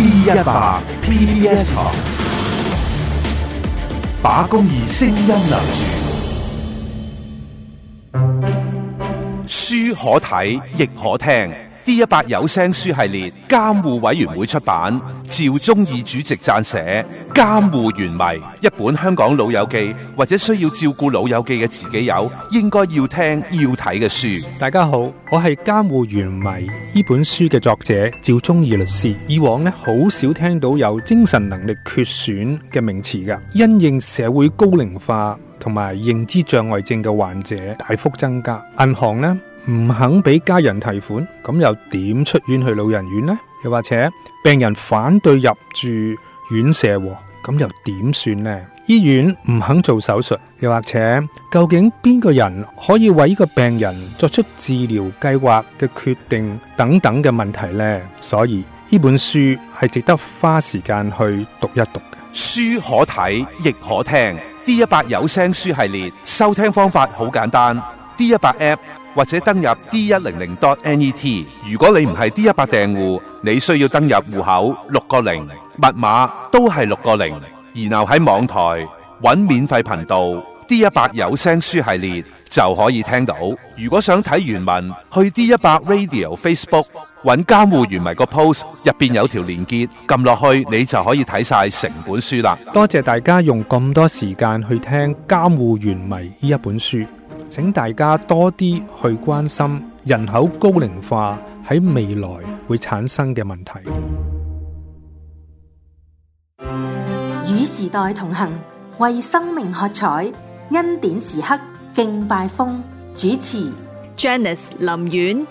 P 一百 PBS 台，把公義聲音留住，書可睇亦可聽。呢一百有聲書系列，監護委員會出版，趙忠義主席撰寫《監護原迷》，一本香港老友記或者需要照顧老友記嘅自己有，應該要聽要睇嘅書。大家好，我係《監護原迷》呢本書嘅作者趙忠義律師。以往呢，好少聽到有精神能力缺損嘅名詞㗎，因應社會高齡化同埋認知障礙症嘅患者大幅增加，銀行呢。唔肯俾家人提款，咁又點出院去老人院呢？又或者病人反對入住院舍，咁又點算呢？醫院唔肯做手術，又或者究竟邊個人可以為呢個病人作出治療計劃嘅決定？等等嘅問題呢？所以呢本書係值得花時間去讀一讀嘅書，可看，可睇亦可聽 D 一百有聲書系列。收聽方法好簡單，D 一百 App。或者登入 d 一零零 .dot.net。如果你唔係 D 一百訂戶，你需要登入戶口六個零，密碼都係六個零。然後喺網台搵免費頻道 D 一百有聲書系列就可以聽到。如果想睇原文，去 D 一百 Radio Facebook 搵監護員迷個 post，入邊有條連結，撳落去你就可以睇晒成本書啦。多謝大家用咁多時間去聽《監護員迷》呢一本書。請大家多啲去關心人口高齡化喺未來會產生嘅問題。與時代同行，為生命喝彩。恩典時刻敬拜風，主持：Janice 林苑。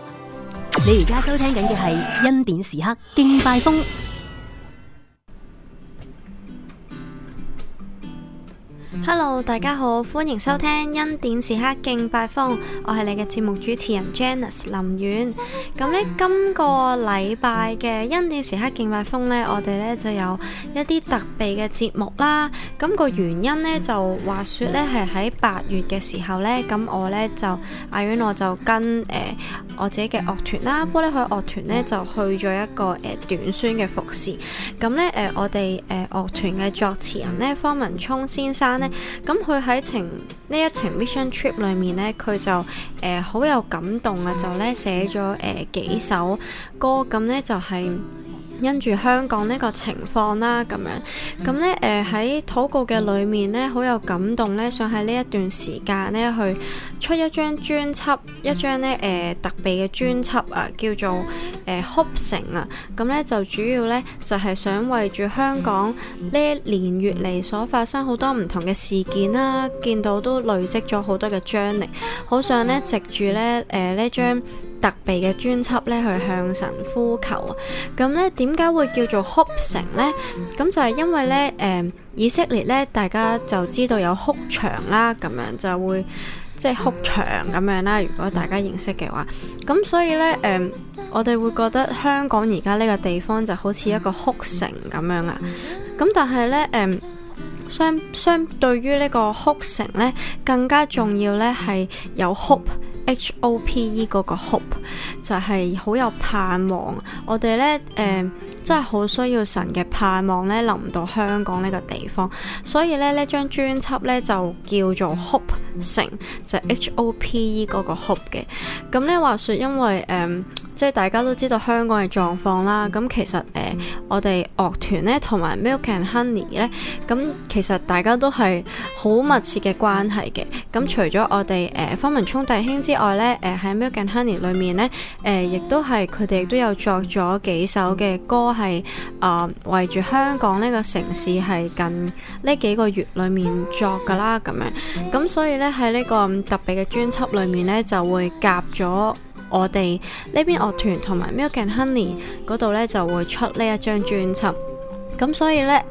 你而家收聽緊嘅係恩典時刻敬拜風。Hello，大家好，歡迎收聽《恩典時刻敬拜風》，我係你嘅節目主持人 Janice 林遠。咁 呢，今個禮拜嘅《恩典時刻敬拜風》呢，我哋呢就有一啲特別嘅節目啦。咁、那個原因呢，就話說呢係喺八月嘅時候呢。咁我呢，就阿遠我就跟誒、呃、我自己嘅樂團啦，玻璃海樂團呢就去咗一個誒、呃、短宣嘅服侍。咁呢，誒、呃，我哋誒、呃、樂團嘅作詞人呢，方文聰先生呢。咁佢喺情呢一程 mission trip 裏面咧，佢就誒好、呃、有感動啊，就咧寫咗誒幾首歌，咁咧就係、是，因住香港呢個情況啦，咁樣咁呢，喺、呃、禱告嘅裏面呢，好有感動呢。想喺呢一段時間呢，去出一張專輯，一張呢、呃、特別嘅專輯啊，叫做誒 Hope 城啊。咁、呃、呢就主要呢，就係、是、想圍住香港呢一年月嚟所發生好多唔同嘅事件啦，見到都累積咗好多嘅張力，好想呢，藉住呢呢張。呃特備嘅專輯咧，去向神呼求。咁咧，點解會叫做哭城呢？咁就係因為咧，誒、嗯，以色列咧，大家就知道有哭牆啦，咁樣就會即係哭牆咁樣啦。如果大家認識嘅話，咁所以咧，誒、嗯，我哋會覺得香港而家呢個地方就好似一個哭城咁樣啦。咁但係咧，誒、嗯，相相對於呢個哭城咧，更加重要咧係有哭。H O P E 嗰個 hope 就係好有盼望，我哋咧誒。嗯嗯真係好需要神嘅盼望咧，臨到香港呢個地方，所以咧呢張專輯咧就叫做 Hope 城，就是、H O P E 嗰個 Hope 嘅。咁咧話說因為誒、嗯、即係大家都知道香港嘅狀況啦，咁其實誒、呃 mm -hmm. 我哋樂團咧同埋 Milk and Honey 咧，咁其實大家都係好密切嘅關係嘅。咁除咗我哋誒方文聰弟兄之外咧，誒、呃、喺 Milk and Honey 裏面咧，誒、呃、亦都係佢哋都有作咗幾首嘅歌。係啊，圍、呃、住香港呢個城市係近呢幾個月裏面作噶啦，咁樣咁所以呢，喺呢、這個特別嘅專輯裏面呢，就會夾咗我哋呢邊樂團同埋 Milk and Honey 嗰度呢，就會出呢一張專輯。咁所以呢，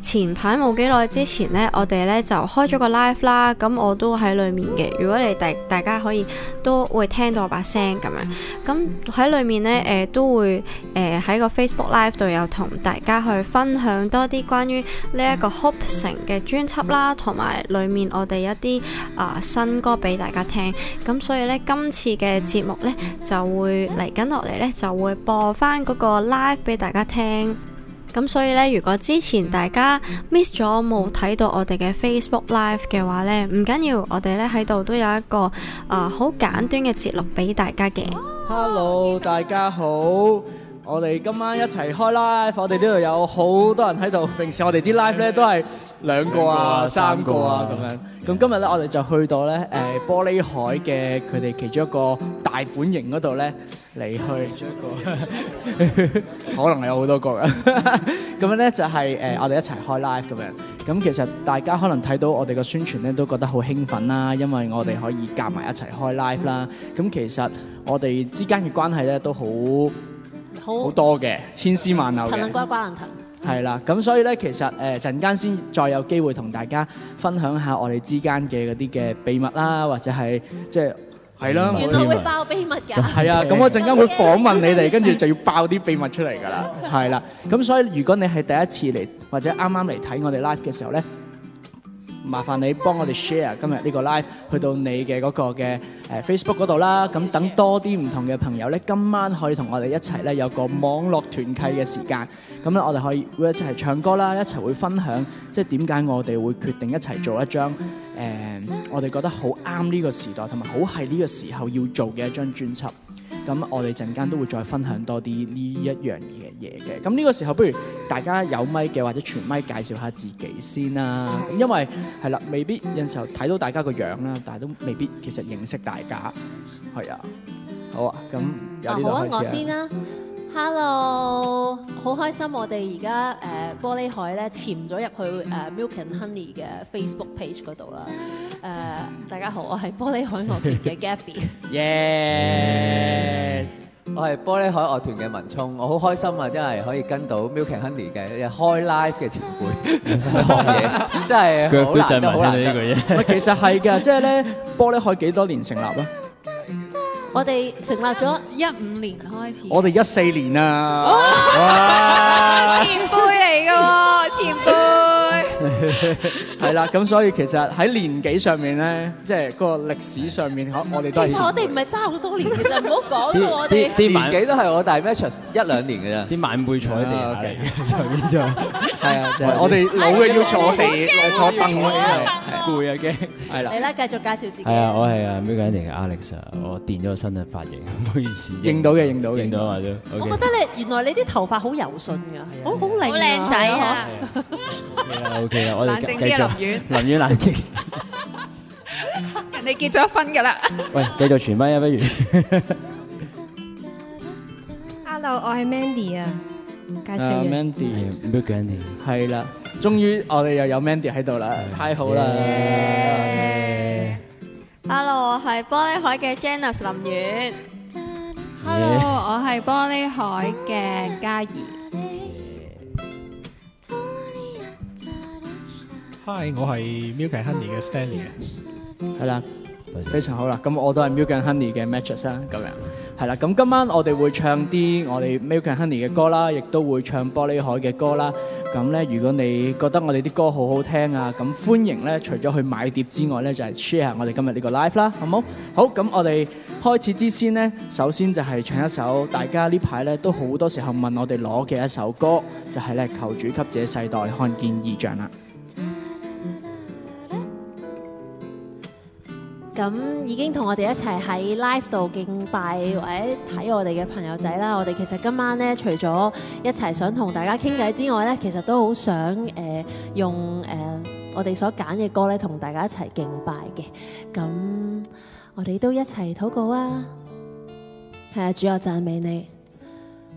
前排冇幾耐之前呢，我哋呢就開咗個 live 啦，咁我都喺裏面嘅。如果你大，大家可以都會聽到我把聲咁樣，咁喺裏面呢，呃、都會喺、呃、個 Facebook Live 度有同大家去分享多啲關於呢一個 Hope 城嘅專輯啦，同埋裏面我哋一啲啊、呃、新歌俾大家聽。咁所以呢，今次嘅節目呢，就會嚟緊落嚟呢，就會播翻嗰個 live 俾大家聽。咁所以呢，如果之前大家 miss 咗冇睇到我哋嘅 Facebook Live 嘅話呢，唔緊要，我哋呢喺度都有一個啊好、呃、簡短嘅節錄俾大家嘅。Hello，大家好。我哋今晚一齊開 live。我哋呢度有好多人喺度，平時我哋啲 live 咧都係兩、啊、兩個啊、三個啊咁、啊、樣。咁、yeah. 今日咧，我哋就去到咧誒玻璃海嘅佢哋其中一個大本營嗰度咧嚟去。 可能有好多個啊！咁樣咧就係、是、誒我哋一齊開 live 咁樣。咁其實大家可能睇到我哋嘅宣傳咧，都覺得好興奮啦，因為我哋可以夾埋一齊開 live 啦。咁其實我哋之間嘅關係咧都好。好多嘅，千絲萬縷嘅，騰騰呱呱能騰。係啦，咁所以咧，其實誒陣間先再有機會同大家分享下我哋之間嘅嗰啲嘅秘密啦，或者係即係係咯。原來會爆秘密㗎。係啊，咁我陣間會,會訪問你哋，跟住就要爆啲秘密出嚟㗎啦。係 啦，咁所以如果你係第一次嚟或者啱啱嚟睇我哋 live 嘅時候咧。麻煩你幫我哋 share 今日呢個 live 去到你嘅嗰個嘅誒 Facebook 嗰度啦，咁等多啲唔同嘅朋友咧，今晚可以同我哋一齊咧有個網絡團契嘅時間，咁咧我哋可以會一齊唱歌啦，一齊會分享，即係點解我哋會決定一齊做一張、呃、我哋覺得好啱呢個時代同埋好係呢個時候要做嘅一張專輯。咁我哋陣間都會再分享多啲呢一樣嘅嘢嘅。咁呢個時候不如大家有咪嘅或者全咪介紹下自己先啦。咁因為係啦，未必有時候睇到大家個樣啦，但係都未必其實認識大家。係啊，好啊，咁由呢度開始啦、啊。Hello，好開心！我哋而家誒玻璃海咧潛咗入去誒 Milk and Honey 嘅 Facebook page 嗰度啦。誒，大家好，我係玻璃海樂團嘅 Gabby。Yes，我係玻璃海樂團嘅文聰。我好開心啊，真係可以跟到 Milk and Honey 嘅開 live 嘅前輩學嘢，真係腳都震，文啦呢句嘢。唔係，其實係嘅，即係咧，玻璃海幾多年成立啦？我哋成立咗一五年開始，我哋一四年啊，哇！前輩嚟嘅，前輩。 係啦，咁所以其實喺年紀上面咧，即係個歷史上面，我我哋都係我哋唔係差好多年嘅，其實唔好講嘅我哋年紀都係我大，但係 matchers 一兩年嘅啫，啲晚輩坐喺地下嚟嘅，坐呢張係啊，我哋老嘅要坐地坐凳嘅，攰啊驚，係啦，你啦，繼續介紹自己。係啊，我係啊，每個人嘅 Alex，我電咗個新嘅髮型，唔好意思。認到嘅，認到，認到啊，我覺得你原來你啲頭髮好柔順嘅，好好靚，好靚仔啊。冷靜啲，林遠。林遠冷靜。人哋結咗婚噶啦？喂，繼續傳唛啊，不如。Hello，我係 Mandy 啊，介紹。啊，Mandy，唔該你。係啦，終於我哋又有 Mandy 喺度啦，太好啦。Hello，我係玻璃海嘅 Janice 林遠。Hello，我係玻璃海嘅嘉怡。Hi，我係 Milk and Honey 嘅 Stanley，係啦，非常好啦，咁我都係 Milk and Honey 嘅 Matcha 啦，咁樣係啦，咁今晚我哋會唱啲我哋 Milk and Honey 嘅歌啦，亦都會唱玻璃海嘅歌啦，咁咧如果你覺得我哋啲歌好好聽啊，咁歡迎咧除咗去買碟之外咧，就係、是、share 我哋今日呢個 live 啦，好冇？好，咁我哋開始之先咧，首先就係唱一首大家呢排咧都好多時候問我哋攞嘅一首歌，就係、是、咧求主給這世代看見異象啦。咁已經同我哋一齊喺 live 度敬拜或者睇我哋嘅朋友仔啦，我哋其實今晚呢，除咗一齊想同大家傾偈之外呢，其實都好想誒、呃、用誒、呃、我哋所揀嘅歌呢同大家一齊敬拜嘅。咁我哋都一齊禱告啊！係啊，主要讚美你。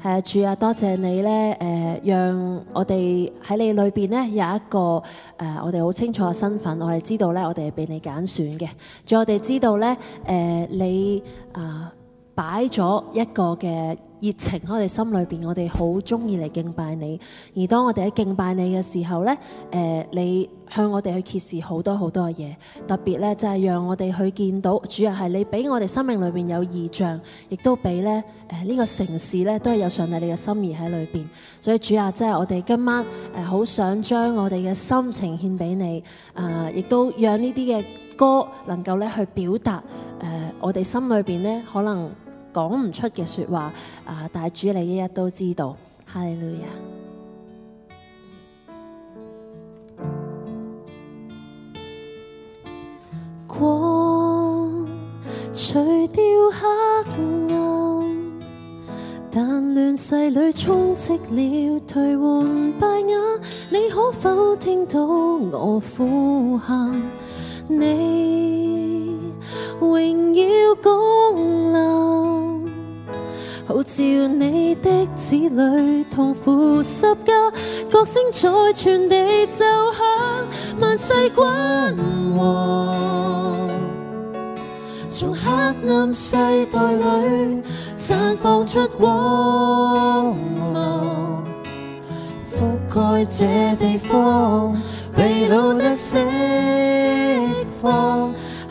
誒主啊，多謝你呢。誒，讓我哋喺你裏邊呢，有一個誒，我哋好清楚嘅身份，我哋知道咧，我哋係畀你揀選嘅，仲有，我哋知道咧，誒你啊擺咗一個嘅。熱情喺我心裡，我哋心裏面，我哋好鍾意嚟敬拜你。而當我哋喺敬拜你嘅時候呢、呃、你向我哋去揭示好多好多嘢，特別呢，就係、是、讓我哋去見到，主要係你俾我哋生命裏面有異象，亦都俾咧呢、呃呢個城市呢，都係有上帝你嘅心意喺裏面。所以主啊，真係我哋今晚好、呃、想將我哋嘅心情獻俾你，亦、呃、都讓呢啲嘅歌能夠咧去表達、呃、我哋心裏面呢可能。講唔出嘅說話啊！大主你一日都知道，哈利路亞。光除掉黑暗，但亂世裏充斥了頹垣敗瓦，你可否聽到我呼喊你？榮耀降臨，號召你的子女同負十架，歌聲在全地奏響，萬世君王，從黑暗世代裏綻放出光芒，覆蓋這地方，被擄得釋放。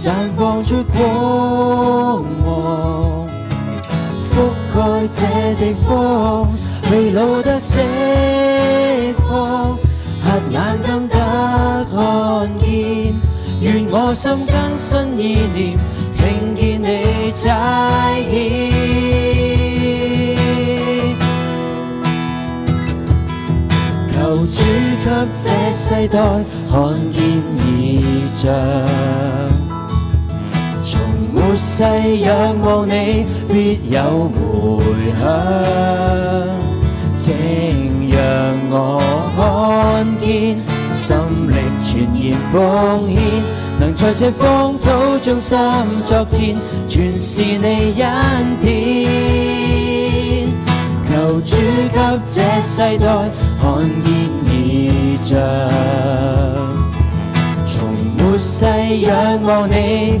綻放出光芒，覆蓋這地方，未老得釋放，黑眼今得看見。願我心更新意念，聽見你差遣。求主給這世代看見異象。末世仰望你，必有回響。請讓我看見，心力全然奉獻，能在這荒土中心作戰，全是你恩典。求主給這世代看見異象，從末世仰望你。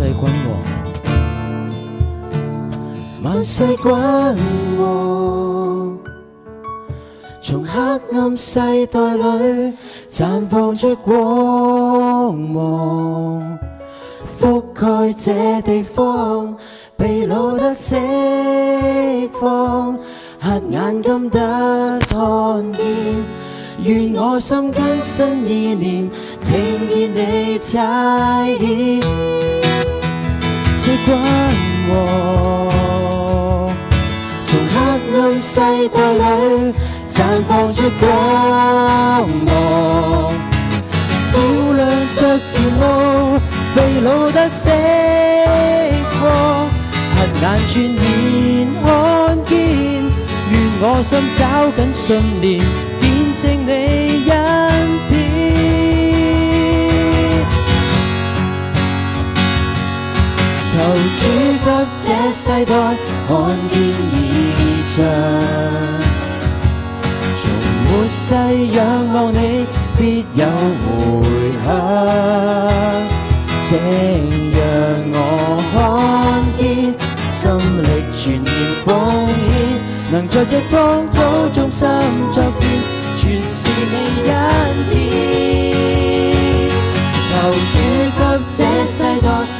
萬世君王，萬世君王，從黑暗世代裏綻放出光芒，覆蓋這地方，被擄得釋放，瞎眼今得看見，願我心更新意念，聽見你再見光和，從黑暗世代裡綻放出光芒，照亮着前路，被擄得釋放，憑眼轉念看見，願我心找緊信念，見證你。求主給這世代看見異象，從末世仰望你必有回響，請讓我看見心力全然奉獻，能在這荒土中心作戰，全是你恩典。求主給這世代。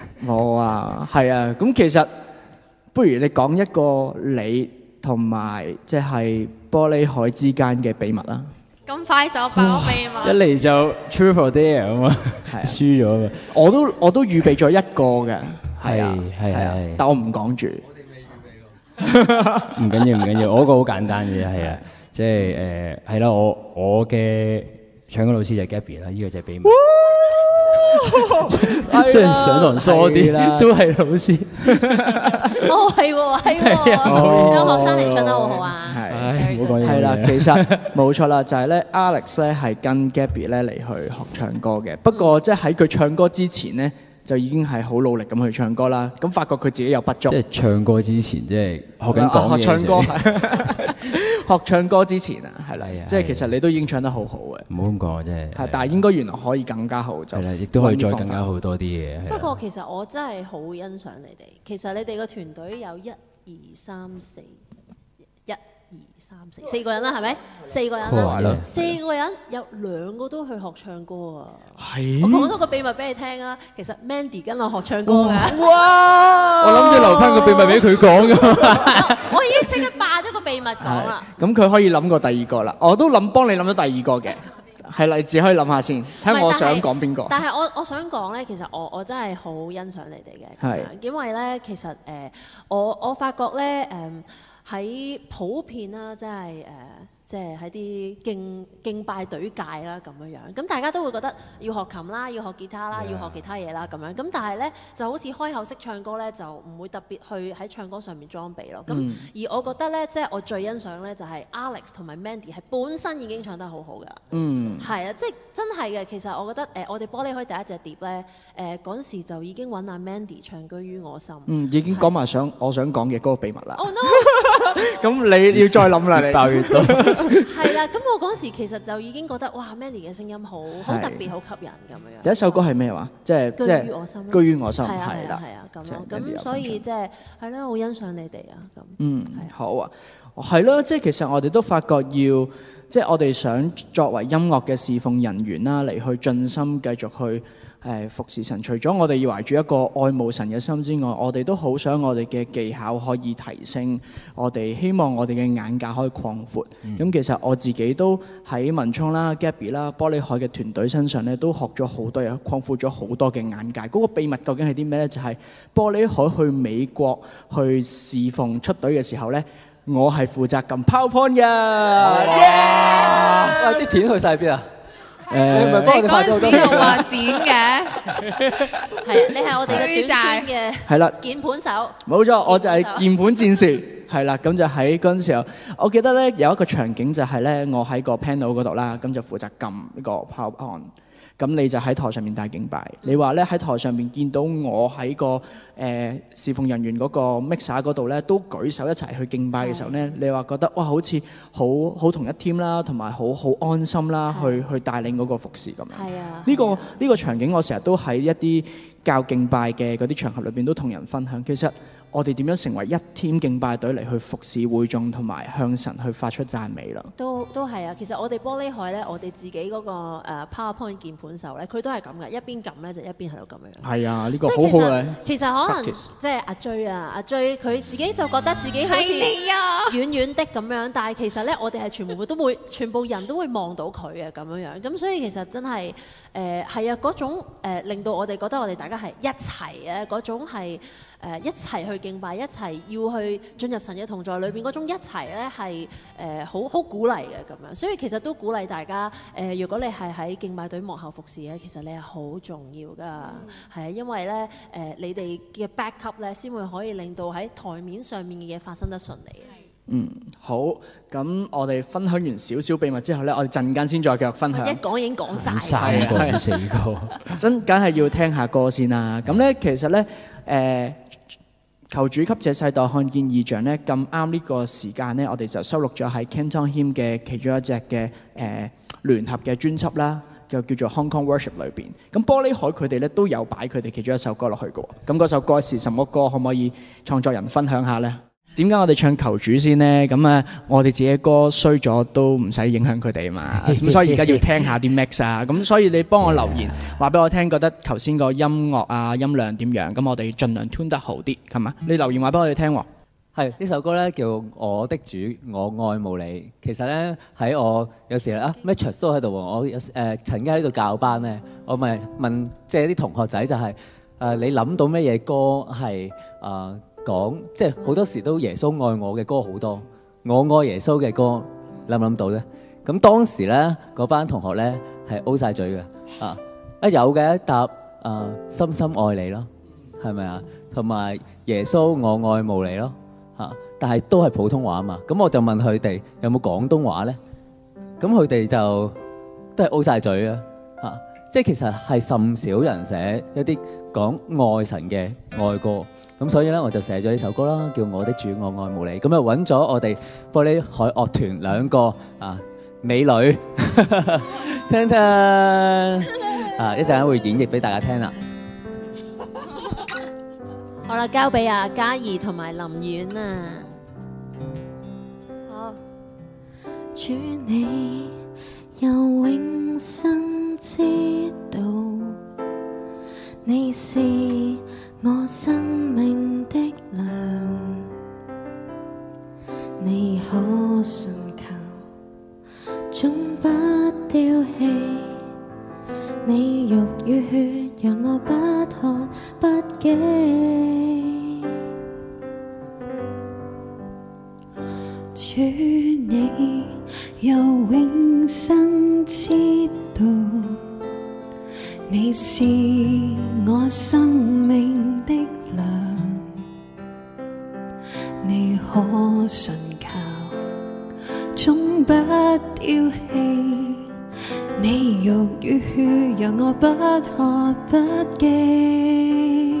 我、哦、啊，係啊，咁其實不如你講一個你同埋即係玻璃海之間嘅秘密啦。咁快就爆秘密？一嚟就 truth or dare 啊嘛，係、啊、輸咗啊嘛。我都我都預備咗一個嘅，係 啊係啊，啊，啊，啊，啊，啊，啊，但我唔講住。我哋未預備喎。唔緊要，唔緊要，我嗰個好簡單嘅，係 啊，即係誒係啦，我我嘅唱歌老師就係 Gabby 啦，呢個就係秘密。哦 雖然上堂疏啲啦，都係老師哈哈哈哈哦哦，係，係，咁學生你唱得好好啊。係，冇講嘢，係啦， 其實冇錯啦，就係、係、咧，Alex 咧係跟 Gabby 咧嚟去學唱歌嘅。不過即係喺佢唱歌之前咧，就已經係好努力咁去唱歌啦。咁發覺佢自己有不足。即係唱歌之前、嗯，即係學緊講嘢嘅學唱歌之前啊，係啦，即係其實你都已經唱得好好嘅。唔好咁講啊，真係。但係應該原來可以更加好就加好。係啦，亦都可以再更加好多啲嘢。不過其實我真係好欣賞你哋。其實你哋個團隊有一二三四一二三四四個人啦，係咪？四個人啦，四個人有兩個都去學唱歌啊！我講多個秘密俾你聽啊。其實 Mandy 跟我學唱歌㗎。哇！ 我諗住留翻個秘密俾佢講㗎。 no, 我已經即刻霸咗個秘密講啦。咁佢可以諗過第二個啦。我都諗幫你諗到第二個嘅，係例子可以諗下先。睇下我想講邊個。但係我我想講咧，其實我我真係好欣賞你哋嘅，因為咧其實誒、呃、我我發覺咧誒。呃喺普遍啦、啊，即係誒。即係喺啲敬敬拜隊界啦咁樣樣，咁大家都會覺得要學琴啦，要學吉他啦，yeah. 要學其他嘢啦咁樣。咁但係咧，就好似開口式唱歌咧，就唔會特別去喺唱歌上面裝備咯。咁、mm. 而我覺得咧，即、就、係、是、我最欣賞咧，就係 Alex 同埋 Mandy 係本身已經唱得很好好㗎。嗯、mm.，係啊，即係真係嘅。其實我覺得誒、呃，我哋玻璃開第一隻碟咧，誒、呃、嗰時就已經揾阿 Mandy 唱居於我心。嗯，已經講埋想的我想講嘅嗰個秘密啦。Oh n、no. 咁 你要再諗啦， 你 係 啦，咁我嗰時其實就已經覺得，哇 Mandy 嘅聲音好好特別，好吸引咁樣。第一首歌係咩話？即係即係居於我心，居於我心係啦，係啊，咁咁、就是、所以即係係咯，好、就是、欣賞你哋啊，咁嗯好啊，係咯，即、就、係、是、其實我哋都發覺要，即、就、係、是、我哋想作為音樂嘅侍奉人員啦，嚟去盡心繼續去。誒、呃、服侍神，除咗我哋要懷住一個愛慕神嘅心之外，我哋都好想我哋嘅技巧可以提升，我哋希望我哋嘅眼界可以擴闊。咁、嗯嗯、其實我自己都喺文沖啦、Gabby 啦、玻璃海嘅團隊身上咧，都學咗好多嘢，擴闊咗好多嘅眼界。嗰、那個秘密究竟係啲咩呢？就係、是、玻璃海去美國去侍奉出隊嘅時候呢，我係負責撳 PowerPoint 嘅。哇！啲、yeah! 片去晒邊啊？你嗰陣時就話剪嘅，係啊，你係我哋嘅 短宣嘅，係啦，鍵盤手，冇錯，我就係鍵盤戰士，係 啦，咁就喺嗰陣時候，我記得咧有一個場景就係咧，我喺個 panel 嗰度啦，咁就負責撳一個 power on。咁你就喺台上面帶敬拜，你話咧喺台上面見到我喺個誒、呃、侍奉人員嗰個 mixer 嗰度咧，都舉手一齊去敬拜嘅時候咧，你話覺得哇好似好好同一 team 啦，同埋好好安心啦，去去帶領嗰個服侍。」咁樣。係啊，呢個呢個場景我成日都喺一啲較敬拜嘅嗰啲場合裏面都同人分享，其實。我哋點樣成為一 team 敬拜隊嚟去服侍會眾同埋向神去發出讚美啦？都都係啊！其實我哋玻璃海咧，我哋自己嗰個 PowerPoint 鍵盤手咧，佢都係咁嘅，一邊撳咧就一邊係度咁樣。係啊，呢、呢個好好咧。即係其實，其實可能即係阿追啊，阿追佢自己就覺得自己好似遠遠的咁樣，但係其實咧，我哋係全部都會 全部人都會望到佢嘅咁樣樣。咁所以其實真係誒係啊，嗰種、呃、令到我哋覺得我哋大家係一齊啊，嗰種係、呃、一齊去。敬拜一齊要去進入神嘅同在裏邊嗰種一齊咧，係誒好好鼓勵嘅咁樣，所以其實都鼓勵大家誒，如果你係喺敬拜隊幕後服侍咧，其實你係好重要噶，係因為咧誒你哋嘅 backup 咧先會可以令到喺台面上面嘅嘢發生得順利嘅。嗯，好，咁我哋分享完少少秘密之後咧，我哋陣間先再繼續分享。一講已經講晒，係係係。真梗係要聽下歌先啦。咁咧其實咧誒。求主給這世代看見異象呢，咁啱呢個時間呢，我哋就收錄咗喺 Canton Hymn 嘅其中一隻嘅誒、呃、聯合嘅專輯啦，就叫做 Hong Kong Worship 裏面。咁玻璃海佢哋咧都有擺佢哋其中一首歌落去嘅喎。咁、那、嗰、個、首歌係什麼歌？可唔可以創作人分享下咧？點解我哋唱求主先咧？咁啊，我哋自己歌衰咗都唔使影響佢哋嘛。咁所以而家要聽下啲 mix 啊。咁所以你幫我留言話俾我聽，覺得頭先個音樂啊，音量點樣？咁我哋盡量 tune 得好啲，係嘛？你留言話俾我哋聽喎。係呢首歌咧叫《我的主，我愛慕你》。其實咧喺我有時啊，match 都喺度。我有時誒曾經喺度教班咧，我咪問即係啲同學仔就係誒，你諗到咩嘢歌係誒？講即係好多時都耶穌愛我嘅歌好多，我愛耶穌嘅歌你諗唔諗到咧？咁當時咧嗰班同學咧係 O 曬嘴嘅啊！啊有嘅答啊，深深愛你咯，係咪啊？同埋耶穌我愛慕你咯，嚇！但係都係普通話嘛，咁我就問佢哋有冇廣東話咧？咁佢哋就都係 O 曬嘴啊！即係其實係甚少人寫一啲講愛神嘅愛歌，咁所以咧我就寫咗呢首歌啦，叫我的主我愛慕你。咁啊揾咗我哋玻璃海樂團兩個啊美女，聽聽，啊一陣間會演繹俾大家聽啦。好啦，交俾阿嘉怡同埋林苑啊。主你。唯有永生之道，你是我生命的糧，你可信求，總不丟棄。你肉與血，讓我不渴不飢。主，你有永生之道，你是我生命的糧，你可信靠，總不丟棄。你肉與血，讓我不可不記。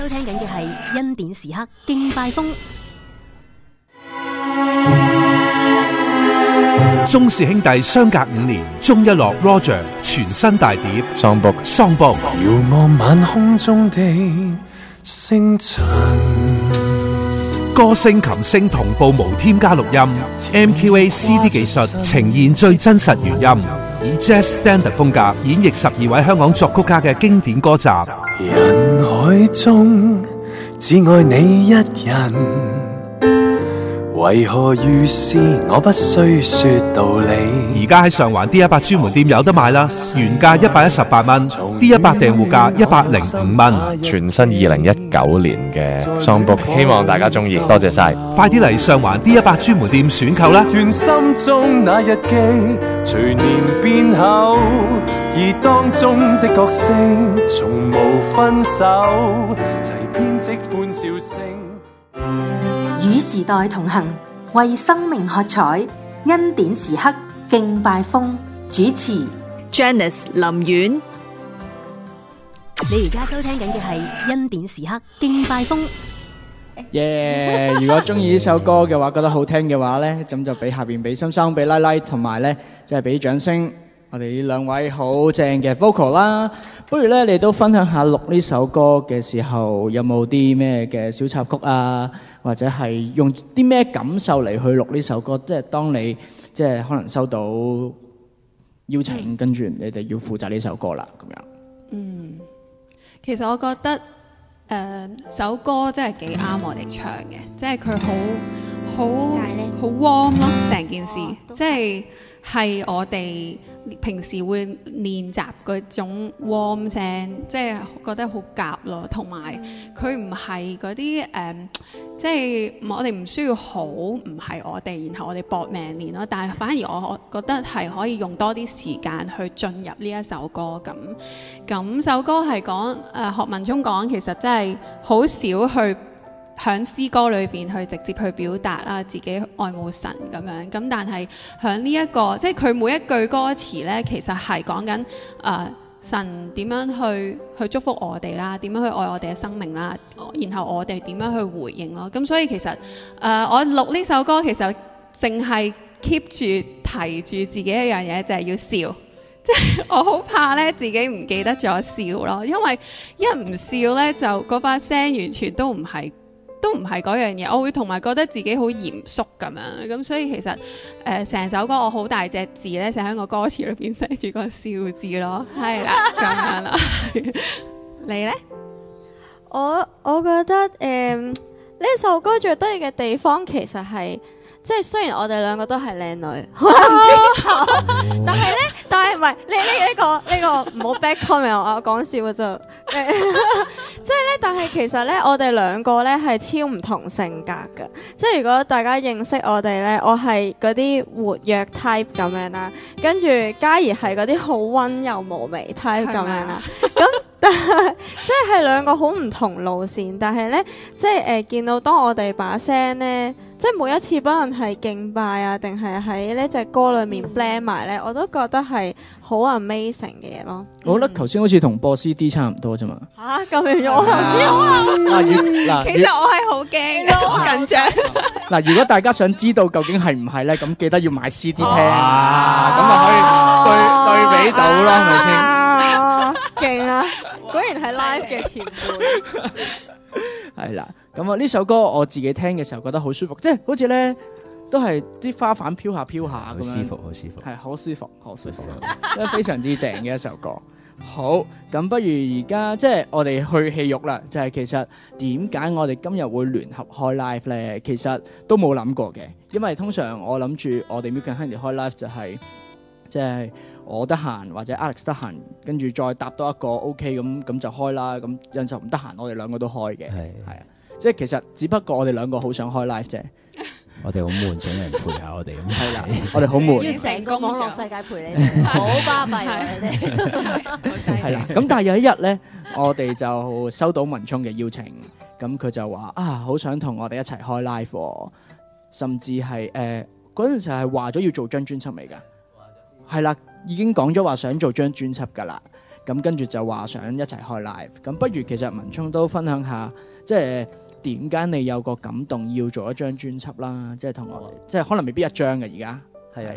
收聽緊嘅係恩典時刻敬拜風，鍾氏兄弟相隔五年，鍾一諾 Roger 全新大碟《雙卜雙卜》，遙望晚空中的星辰，歌聲琴聲同步無添加錄音，MQA CD 技術呈現最真實原音。以 Jazz Standard 風格演繹十二位香港作曲家嘅經典歌集。人海中，只愛你一人。為何於是我不需說道理？而家喺上環 D 一百專門店有得賣啦，原價一百一十八蚊，D 一百訂戶價一百零五蚊，全新二零一九年嘅雙，希望大家中意，多謝晒，快啲嚟上環 D 一百專門店選購啦！嗯，心中那一與時代同行，為生命喝彩。恩典時刻敬拜風，主持 Janice 林苑。你而家收聽緊嘅係恩典時刻敬拜風。耶、yeah！ 如果中意呢首歌嘅話，覺得好聽嘅話咧，咁就俾下邊俾心心，俾拉拉，同埋咧即係俾啲掌聲。我哋呢兩位好正嘅 vocal 啦，不如咧你都分享下錄呢首歌嘅時候有冇啲咩嘅小插曲啊，或者係用啲咩感受嚟去錄呢首歌？即係當你即係可能收到邀請，跟住你哋要負責呢首歌啦，咁樣。嗯，其實我覺得誒、呃、首歌真係幾啱我哋唱嘅，即係佢好好好 warm 咯，成件事即係係我哋。平時會練習嗰種 warm 聲，即係覺得好夾咯。同埋佢唔係嗰啲誒，嗯唔係 um，即係我哋唔需要好唔係我哋，然後我哋搏命練咯。但係反而我覺得係可以用多啲時間去進入呢一首歌咁。咁首歌係講誒，學文忠講其實真係好少去。響詩歌裏邊去直接去表達啦，自己愛慕神咁樣咁，但係響呢一個即係佢每一句歌詞呢，其實係講緊誒神點樣去去祝福我哋啦，點樣去愛我哋嘅生命啦，然後我哋點樣去回應咯。咁所以其實誒、呃，我錄呢首歌其實淨係 keep 住提住自己一樣嘢，就係、是、要笑，即係我好怕呢，自己唔記得咗笑咯，因為一唔笑呢，就嗰把聲完全都唔係。都唔係嗰樣嘢，我會同埋覺得自己好嚴肅咁樣，咁所以其實誒成、呃、首歌我好大隻字咧寫喺個歌詞裏邊寫住個笑字咯，係啦咁樣啦。 晚了 你呢？我我覺得誒呢、嗯、首歌最得意嘅地方其實係。即係雖然我哋兩個都係靚女，但係咧，但係唔係你呢？呢，呢個呢個唔好 back comment 我講笑嘅啫。即係咧，但係其實咧，我哋兩個咧係超唔同性格嘅。即係如果大家認識我哋咧，我係嗰啲活躍 type 咁樣啦，跟住嘉怡係嗰啲好溫柔嫵媚 type 咁樣啦。咁但係即係兩個好唔同路線，但係咧，即係誒、呃、見到當我哋把聲咧。即係每一次，不論係敬拜啊，定係喺呢隻歌裏面 blend 埋咧，嗯，我都覺得係好 amazing 嘅嘢咯。我覺得頭先好似同播 CD 差唔多啫嘛。吓，咁形容我頭先，好，嗯啊、其實我係好驚，好緊張。嗱，啊啊啊啊，如果大家想知道究竟係唔係咧，咁記得要買 CD 聽，咁啊，啊就可以對、啊、對，對比到咯，係咪先？哦，勁啊，啊！果然係 live 嘅前輩。係啦。 啊啊咁啊！呢首歌我自己聽嘅時候覺得好舒服，即係好似咧都係啲花瓣飄下飄下咁樣。舒服，好舒服。係，好舒服，好舒服，舒服非常之正嘅一首歌。 好，咁，不如而家即係我哋去戲肉啦。就係、是、其實點解我哋今日會聯合開 live 咧？其實都冇諗過嘅，因為通常我諗住我哋 Michael Henry 開 live 就係即係我得閒或者 Alex 得閒，跟住再搭多一個 OK 咁，咁就開啦。咁有時候唔得閒，我哋兩個都開嘅，係，係啊。即係其實只不過我哋兩個好想開 live 啫， 我哋好悶，想人陪下我哋。咁係啦，我哋好悶，要成個作 網絡世界陪你，好巴閉啊你。係 啦，咁但係有一日咧，我哋就收到文聰嘅邀請，咁佢就話啊，好想同我哋一齊開 live、哦、甚至係誒嗰陣時係話咗要做張專輯嚟噶，係啦，已經講咗話想做張專輯噶啦，咁跟住就話想一齊開 live，咁不如其實文聰都分享下，即係。點解你有個感動要做一張專輯啦？即係同我，oh. 即係可能未必一張嘅而家，係啊，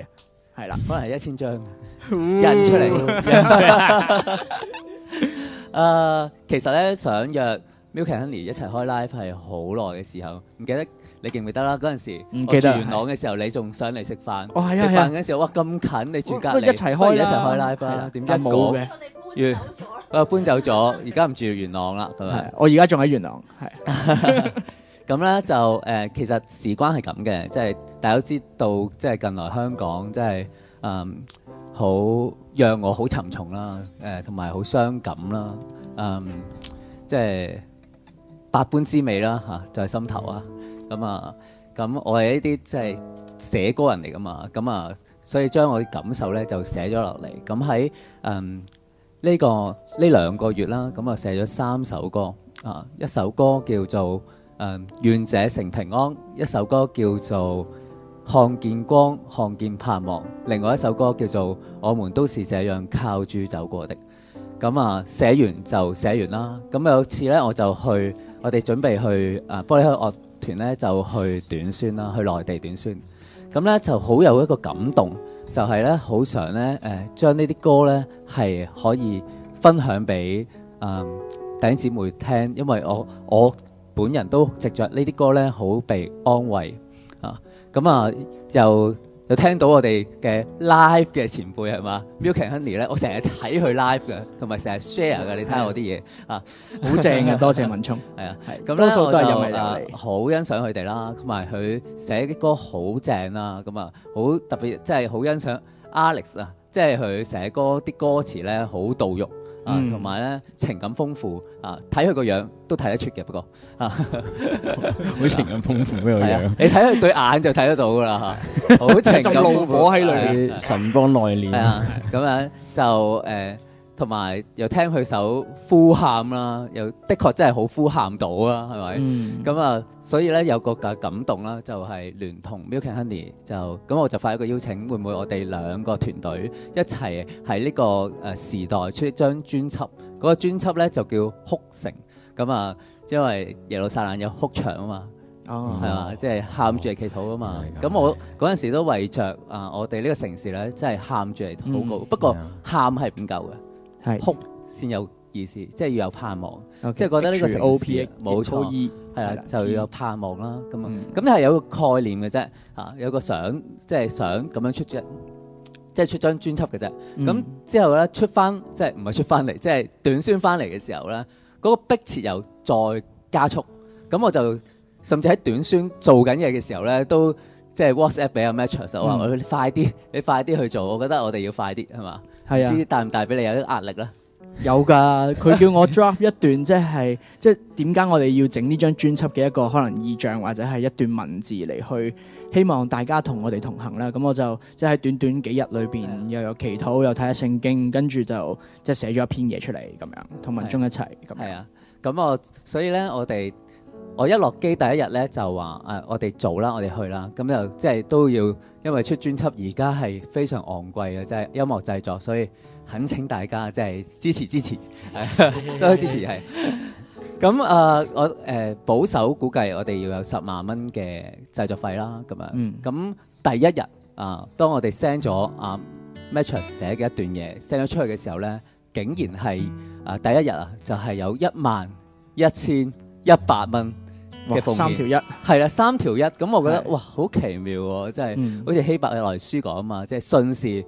係啦、啊啊，可能係一千張印、mm. 出嚟。誒， uh, 其實咧想約 Milk and Honey 一齊開 live 係好耐嘅時候，唔記得。你記唔記得啦？嗰陣時唔記得元朗嘅時候，你仲上嚟食飯。哦，係啊，食、啊啊、飯嘅時候，哇咁近，你住隔離，一齊開，一齊開 live 翻、啊。點解冇嘅？搬走咗，而家唔住元朗啦，係咪、啊啊啊？我而家仲喺元朗。係、啊。咁 咧 就誒、呃，其實時光係咁嘅，即、就、係、是、大家都知道，即係近來香港，即係嗯，好讓我好沉重啦，誒，同埋好傷感啦，嗯，即係、呃嗯就是、百般滋味啦，就在、是、心頭啊。嗯咁、嗯、啊，咁、嗯、我係呢啲即係寫歌人嚟噶嘛，咁、嗯、啊，所以將我啲感受咧就寫咗落嚟。咁喺嗯呢、這個呢兩個月啦，咁啊寫咗三首歌啊，一首歌叫做《嗯願者成平安》，一首歌叫做《看見光看見盼望》，另外一首歌叫做《我們都是這樣靠住走過的》。咁、嗯、啊，寫、嗯、完就寫完啦。咁、嗯、有次咧，我就去。我哋準備去啊，玻璃樂團咧就去短宣啦，去內地短宣。咁咧就好有一個感動，就係咧好想咧誒，將呢啲歌咧係可以分享俾啊弟兄姊妹聽，因為我我本人都藉著呢啲歌咧好被安慰啊，咁啊又。又聽到我哋嘅 live 嘅前輩係嘛，Milk and Honey 咧，我成日睇佢 live 嘅，同埋成日 share 㗎，你睇下我啲嘢、嗯、啊，好正呀！ 多謝文聰、嗯。係啊，咁咧因就好欣賞佢哋啦，同埋佢寫啲歌好正啦，咁啊好特別，即係好欣賞 Alex 啊，即係佢寫歌啲歌詞咧好到肉。啊，同埋咧情感豐富啊，睇佢個樣都睇得出嘅，不過啊，好 是、啊 啊 啊、情感豐富呢個樣，你睇佢對眼就睇得到噶啦，好情感就怒火喺內，啊、 神光內斂，係啊，咁、啊、 樣就誒。呃同埋又聽佢首呼喊啦，又的確真係好呼喊到啦，係咪？咁、嗯、啊、嗯，所以咧有個嘅感動啦，就係、是、聯同 Milk and Honey 就咁，我就發一個邀請，會唔會我哋兩個團隊一齊喺呢個誒時代出一張專輯？嗰、那個專輯咧就叫哭城。咁啊、嗯，因為耶路撒冷有哭牆啊嘛，係、哦、啊，即係喊住嚟祈禱啊嘛。咁、哦、我嗰陣時都為着啊、呃，我哋呢個城市咧真係喊住嚟禱告。嗯、不過喊係唔夠嘅。哭先有意思，即、就、係、是、要有盼望，okay, 即係覺得呢個成 O P A，冇錯、e，係啦、e，e、就要有盼望啦。咁、嗯、啊，咁係有個概念嘅啫，嚇、嗯、有個想，即係想咁樣出張，即、就、係、是、出張專輯嘅啫。咁、嗯、之後咧出翻，即係唔係出翻嚟，即、就、係、是、短宣翻嚟嘅時候咧，嗰、那個迫切又再加速。咁我就甚至喺短宣做緊嘢嘅時候咧，都即係、就是、WhatsApp 俾阿 Mattress，我話你快啲，你快啲去做，我覺得我哋要快啲係嘛。是吧。係啊，不知啲大唔大俾你有啲壓力咧？有㗎，佢叫我 draft 一段，即係即係點解我哋要整呢張專輯嘅一個可能意象或者係一段文字嚟去希望大家同我哋同行啦。咁我就即係、喺、短短幾日裏邊又有祈禱又睇下聖經，跟住就即係寫咗一篇嘢出嚟咁、啊、樣，同文中一齊咁樣。係啊，咁我所以咧，我哋。我一落機第一日咧就話誒、啊，我哋做啦，我哋去啦，咁就即係都要，因為出專輯而家係非常昂貴嘅，即係音樂製作，所以懇請大家即係支持支持， 都支持係。咁 誒、 啊，我誒、呃、保守估計，我哋要有十萬蚊嘅製作費啦。咁樣，咁、嗯、第一日啊，當我哋 send 咗啊 Mattress 寫嘅一段嘢 send 咗出去嘅時候咧，竟然係、嗯、啊第一日啊就係、是、有一萬一千一百蚊。三條一係啦，三條一咁，一我覺得哇，好奇妙喎！即係好似希伯來書講啊嘛，即係信事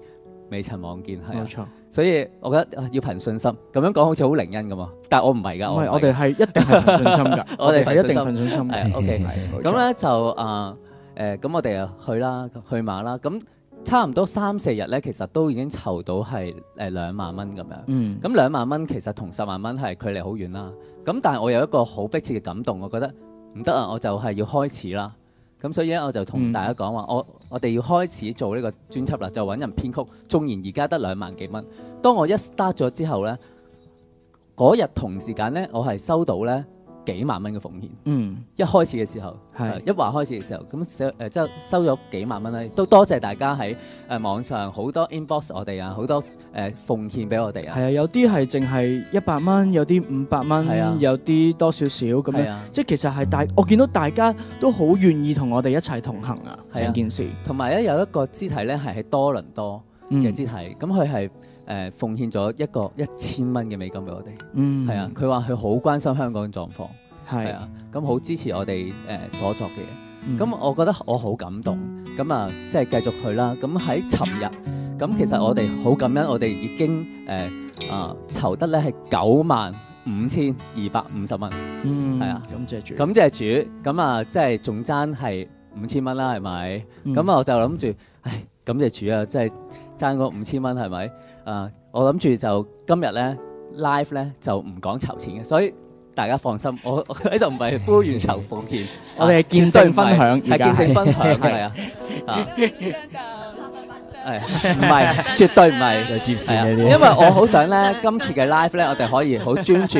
未曾望見，係啊。所以我覺得要憑信心，咁樣講好似好靈恩咁啊！但係我唔係噶，我哋係一定係憑信心噶， 我哋係一定憑信心。O K，咁咧就啊誒，咁、呃、我哋去啦，去馬啦。咁差唔多三四日咧，其實都已經籌到係誒兩萬蚊咁樣。咁、嗯、兩萬蚊其實同十萬蚊係距離好遠啦。咁但係我有一個好迫切嘅感動，我覺得。唔得啊！我就係要開始喇，咁所以呢，我就同大家講話，嗯，我我哋要開始做呢個專輯啦，就揾人編曲。縱然而家得兩萬幾蚊，當我一 start 咗之後呢，那嗰日同時間呢，我係收到呢，幾萬蚊嘅奉獻，嗯，一開始嘅時候，係、啊、一話開始嘅時候，咁即係收咗幾萬蚊咧，都多謝大家喺誒、啊、網上好多 inbox 我哋啊，好多誒奉獻俾我哋啊，係啊，啊，有啲係淨係一百蚊，有啲五百蚊，有啲多少少咁樣，即係其實係大，我見到大家都好願意同我哋一齊同行啊，係、啊、成件事，同埋咧有一個肢體咧係喺多倫多嘅肢體，咁佢係。嗯誒、呃、奉獻咗一個一千蚊嘅美金俾我哋，係、嗯、啊，佢話佢好關心香港嘅狀況，係啊，咁、嗯、好、嗯、支持我哋誒、呃、所作嘅嘢，咁、嗯嗯嗯、我覺得我好感動，咁、嗯、啊，即係繼續去啦。咁喺尋日，咁、嗯嗯、其實我哋好感恩，我哋已經誒啊、呃、籌得咧係九萬五千二百五十蚊，嗯，係啊，感謝主，感謝主，咁、嗯、啊，即係仲爭係五千蚊啦，係咪？咁啊，我就諗住，唉，感謝主啊，即係爭嗰五千蚊，係咪？誒、uh，我諗住就今日咧，live 咧就唔講籌錢嘅，所以大家放心，我我呢度唔係呼籲求奉獻，我哋係見、， 啊、見證分享，係見證分享係咪 是啊。 誒，唔係，絕對唔係接線嗰啲，因為我好想咧， 今次嘅 live 咧，我哋可以好專注，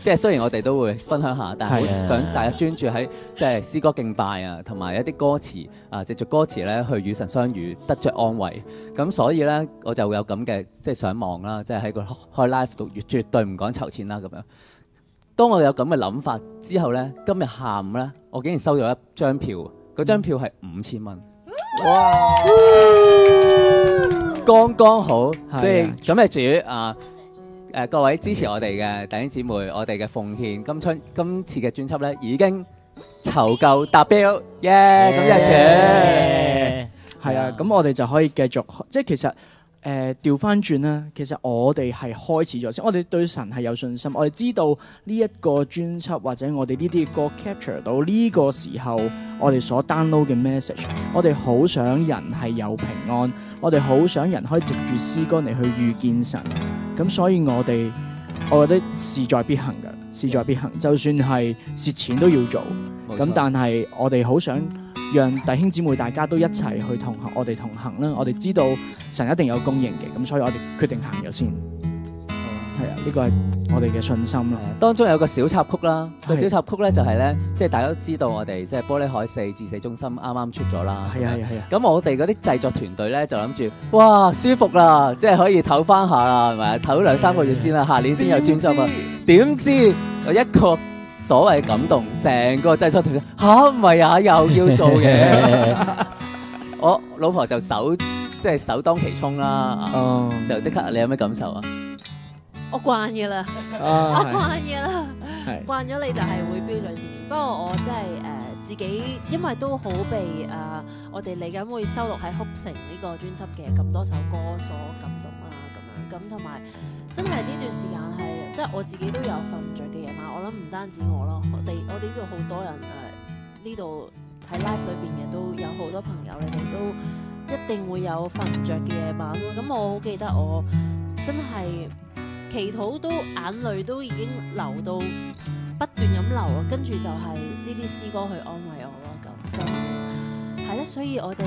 即係雖然我哋都會分享一下，但係好想大家專注喺即係詩歌敬拜啊，同埋一啲歌詞啊，藉著歌詞咧去與神相遇，得着安慰。咁所以咧，我就有咁嘅即係上網啦，即係喺個開 live 度，絕對唔講籌錢啦咁樣。當我有咁嘅諗法之後咧，今日下午咧，我竟然收咗一張票，嗰張票係五千蚊。嗯。哇！剛剛好，即係咁日主啊，誒、啊呃，各位支持我哋嘅弟兄姊妹，我哋嘅奉獻，今春今次嘅專輯咧已經籌夠達標，耶！咁日主，係、yeah. yeah. 啊，咁我哋就可以繼續，即、就、係、是、其實。誒調翻轉啦，其實我哋係開始咗先，我哋對神係有信心，我哋知道呢一個專輯或者我哋呢啲歌 capture 到呢個時候我哋所 download 嘅 message，我哋好想人係有平安，我哋好想人可以藉住詩歌嚟去遇見神，咁所以我哋我覺得事在必行㗎，事在必行，就算係蝕錢都要做，咁但係我哋好想。讓弟兄姊妹大家都一齊去同行，我哋同行啦。我哋知道神一定有供應嘅，咁所以我哋決定行咗先了。係啊，呢、這個係我哋嘅信心啦。當中有一個小插曲啦，個小插曲咧就係、是、咧，即、就、係、是、大家都知道我哋即係玻璃海四自四中心啱啱出咗啦。係啊係啊係啊。咁、啊啊、我哋嗰啲製作團隊咧就諗住，哇舒服啦，即係可以唞翻下啦，咪唞兩三個月先啦、啊啊，下年先有專心啊。點知,知一個。所謂感動，成個製作團隊嚇，唔係啊，又要做嘢。我老婆就首即係首當其衝啦，就即刻。你有咩感受啊？我慣嘅啦，我慣嘅啦，慣咗你就係會標喺前面。不過我真係誒自己，因為都好被啊，我哋嚟緊會收錄喺《哭城》呢個專輯嘅咁多首歌所感動啦，咁樣咁同埋。真係呢段時間係，即係我自己都有瞓唔着嘅夜晚。我諗唔單止我咯，我哋我哋呢度好多人誒，呢度喺 live 裏邊嘅都有好多朋友，你哋都一定會有瞓唔着嘅夜晚咯。咁我好記得我真係祈禱都眼淚都已經流到不斷咁流啊，跟住就係呢啲詩歌去安慰我咯。咁咁係啦，所以我哋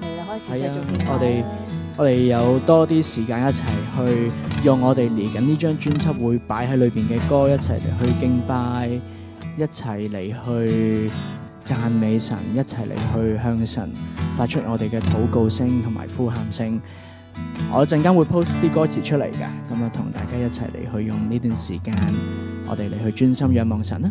嚟啦開始繼續傾。我哋有多啲時間一齊去用我哋嚟緊呢張專輯會擺喺裏邊嘅歌一齊嚟去敬拜，一齊嚟去讚美神，一齊嚟去向神發出我哋嘅禱告聲同埋呼喊聲。我陣間會 post 啲歌詞出嚟㗎，咁啊同大家一齊嚟去用呢段時間，我哋嚟去專心仰望神啦。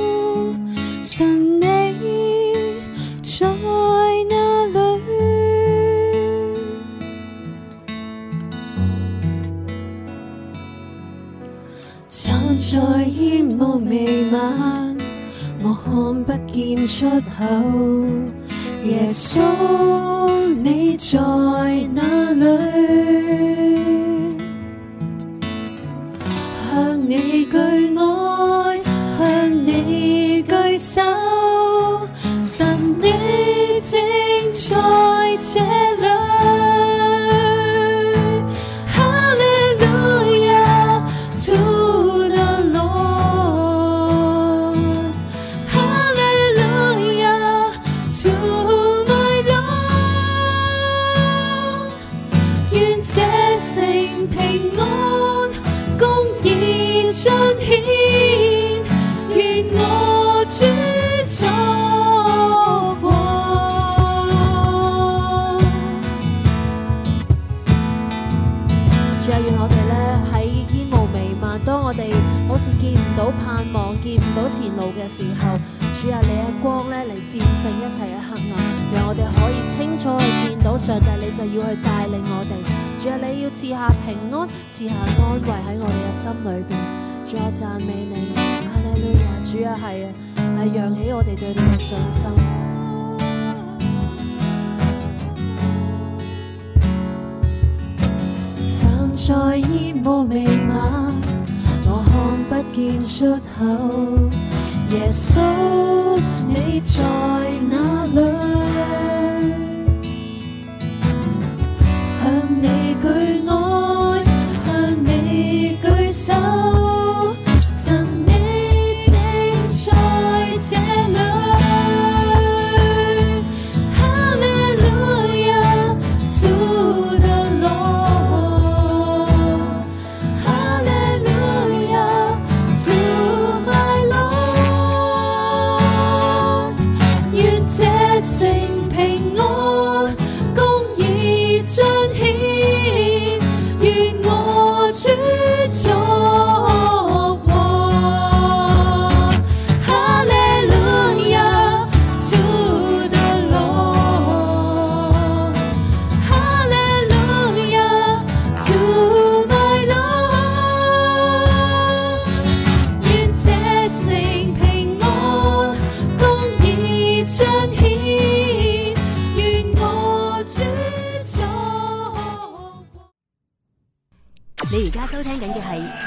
不見出口，耶穌你在哪？前路嘅時候，主啊，你嘅光咧嚟戰勝一切嘅黑暗，讓我哋可以清楚去見到上帝，你就要去帶領我哋。主啊，你要賜下平安，賜下安慰喺我哋嘅心裏邊。主啊，讚美你，阿利亞，主啊係啊，係揚起我哋對你嘅信心。站在煙霧彌漫，我看不見出口。耶穌，你在哪裏？向你舉哀。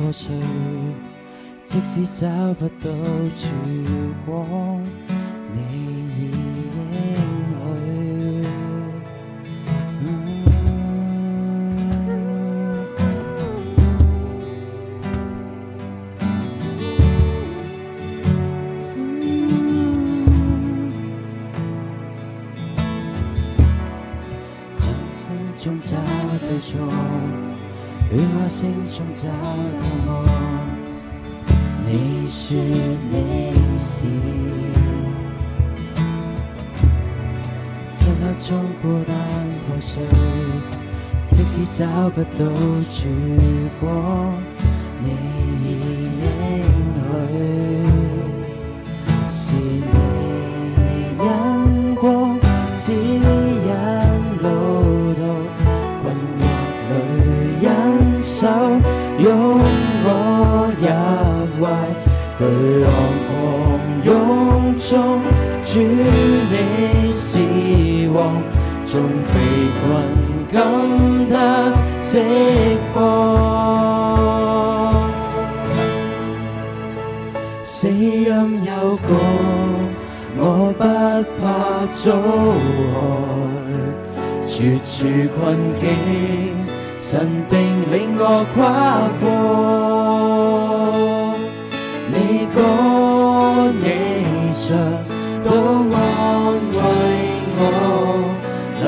破碎，即使找不到曙光，你已。找答案，你說你是。漆黑中孤單破碎，即使找不到曙光，縱被困禁得釋放。死蔭幽谷，我不怕阻礙。絕處困境，神定令我跨過。你竿你杖，都安慰我。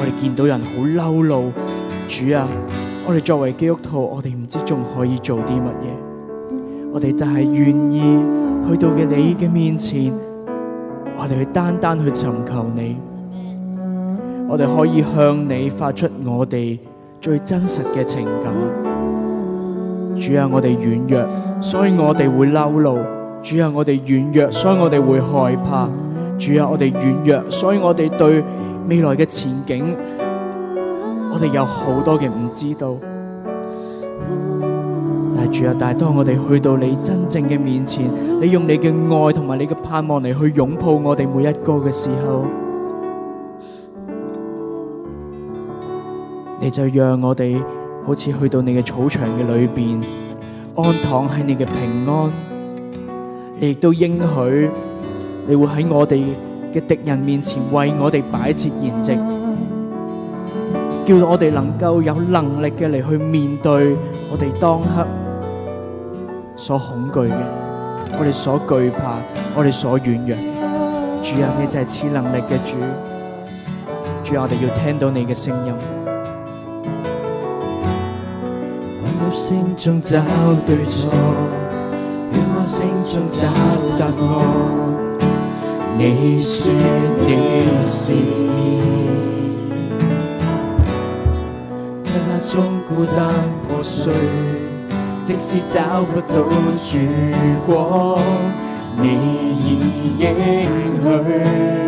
我哋見到人好嬲怒，主啊！我哋作為基督徒，我哋唔知仲可以做啲乜嘢。我哋但係願意去到嘅你嘅面前，我哋去單單去尋求你。我哋可以向你發出我哋最真實嘅情感。主啊，我哋軟弱，所以我哋會嬲怒；主啊，我哋軟弱，所以我哋會害怕。主啊，我哋軟弱，所以我哋對未來嘅前景，我哋有好多嘅唔知道。但係主啊，但係當我哋去到你真正嘅面前，你用你嘅愛同埋你嘅盼望嚟去擁抱我哋每一個嘅時候，你就讓我哋好似去到你嘅草場嘅裏面，安躺喺你嘅平安，你亦都應許。你會喺我哋嘅敵人面前為我哋擺設筵席，叫到我哋能夠有能力嘅嚟去面對我哋當刻所恐懼嘅，我哋所懼怕，我哋所軟弱。主啊，你就係賜能力嘅主。主啊，我哋要聽到你嘅聲音。願我聲中找對錯，願我聲中找答案。你說你是漆黑中孤單破碎，即使找不到曙光，你已應許。